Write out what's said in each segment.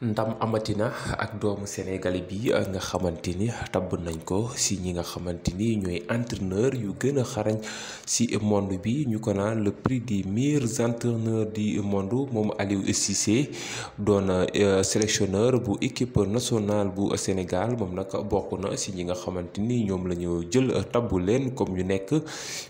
ndam na ak doomu Sénégal bi nga xamante ni tabb nañ ko si ñi nga xamante ni ñooy entraîneur yu gën a xarañ si monde bi ñu ko naan le prix des meilleurs entraîneurs di monde moom Aliou Cissé doon euh, sélectionneur bu équipe nationale bu Sénégal moom nag bokk na si ñi nga xamante ni ñoom la jël tabb leen comme ñu nekk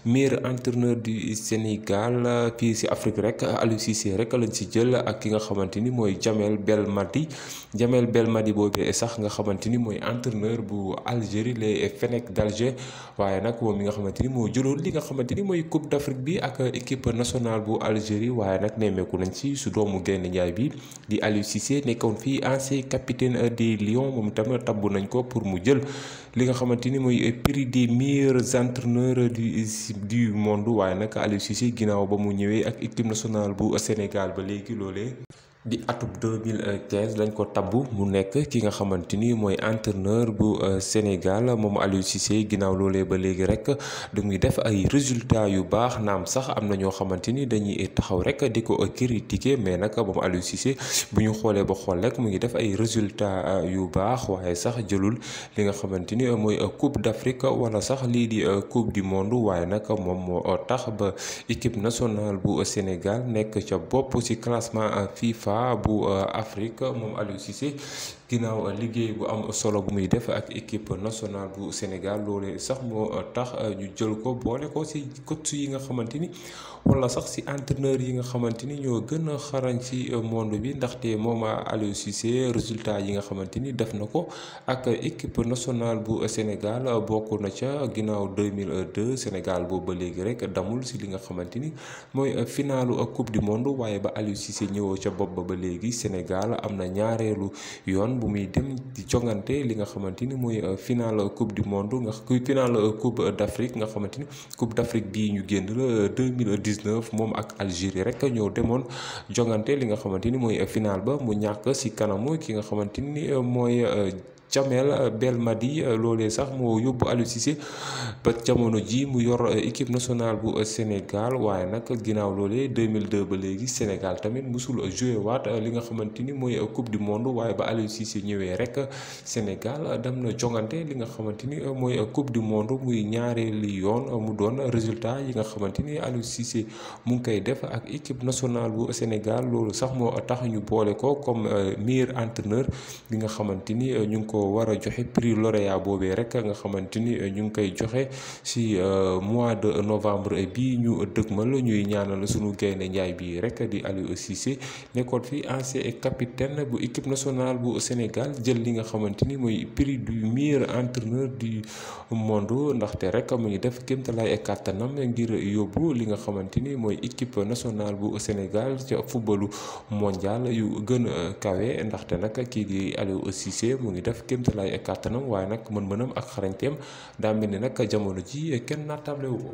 meilleur entraîneur du Sénégal fii si Afrique rek Aliou Cissé rek lañ ci jël ak ki nga xamante ni mooy Jamel Belmadi Mati Jamel Belmadi boobee sax nga xamante ni mooy entraîneur bu Algérie les Fennecs d'Alger waaye nag moom mi nga xamante ni moo jëloon li nga xamante ni mooy Coupe d'Afrique bi ak équipe nationale bu Algérie waaye nag nemmeeku nañ ci su doomu Gaynde Njaay bi di Aliou Cissé nekkoon fii ancien capitaine des Lions moom itam tabbu nañ ko pour mu jël li nga xamante ni mooy prix des meilleurs entraîneurs du du monde waaye nag Aliou Cissé ginnaaw ba mu ñëwee ak équipe nationale bu Sénégal ba léegi di atub 2015 lañ ko tabb mu nekk ki nga xamante ni mooy entraîneur bu euh, Sénégal moom Aliou Cissé ginnaaw loolee ba léegi rek du muy def ay résultat yu baax naam sax am na ñoo xamante ni dañuy taxaw rek di ko critiquer mais nag moom Aliou Cissé bu ñu xoolee ba xool rek mu ngi def ay résultats euh, yu baax sax jëlul li nga xamante ni mooy euh, Coupe d'Afrique wala sax lii di Coupe du Monde waaye nag moom moo tax ba équipe nationale bu Sénégal nekk ca bopp ci classement FIFA. FIFA bu euh, Afrique moom Aliou Cissé ginnaaw euh, liggéey bu am solo bu muy def ak équipe nationale bu Sénégal loole sax moo euh, tax euh, ñu jël ko boole ko ci coach yi nga xamante ni wala sax ci entraîneur yi nga xamante ni ñoo gën a xarañ ci monde bi ndaxte moom a Aliou Cissé résultat yi nga xamante ni def na ko ak équipe nationale bu Sénégal bokk na ca ginnaaw 2002 Sénégal boobu ba léegi rek damul ci li nga xamante ni mooy finalu coupe du monde waaye ba Aliou Cissé ñëwoo ca bopp ba ba léegi Sénégal am na ñaareelu bu muy dem di jongante li nga xamante ni mooy euh, final coupe du monde nga final euh, coupe d' Afrique nga xamante ni coupe d' bii ñu génn la 2019 euh, moom ak Algérie rek ñoo demoon jongante li nga xamante ni mooy final ba mu ñàkk si kanamu ki nga xamante ni mooy. Jamel Belmadi loolee sax moo yóbbu Aliou Cissé ba jamono ji mu yor euh, équipe nationale bu euh, Sénégal waaye nag ginnaaw loolee 2002 ba léegi Sénégal tamit musul joué waat euh, li nga xamante ni mooy coupe du monde waaye ba Aliou Cissé ñëwee rek Sénégal dem na jongante li nga xamante ni mooy coupe du monde muy ñaareeli yoon mu doon résultat yi nga xamante ni Aliou Cissé mu ngi koy def ak équipe national bu Sénégal loolu sax moo tax ñu boole ko comme meilleur entraîneur bi nga xamante ñu ngi ko. ko war a joxe prix lauréat boobee rek nga xamante ni ñu ngi koy joxe si euh, mois de novembre bi ñu dëgmal ñuy ñaanal sunu gaynde njaay bii rek di Aliou Cissé nekkoon fi ancien capitaine bu équipe nationale bu Sénégal jël li nga xamante ni mooy prix du meilleur entraîneur du monde ndaxte rek mu ngi def kéemtalaay kàttanam ngir yóbbu li nga xamante ni mooy équipe nationale bu Sénégal ca footballu mondial yu gën a kawe ndaxte nag kii di Aliou Cissé mu ngi def. kéemtalaay kàttanam waaye nag mën-mënam ak xarañteem daa mel ni nag jamono ji kenn naatable wu ko.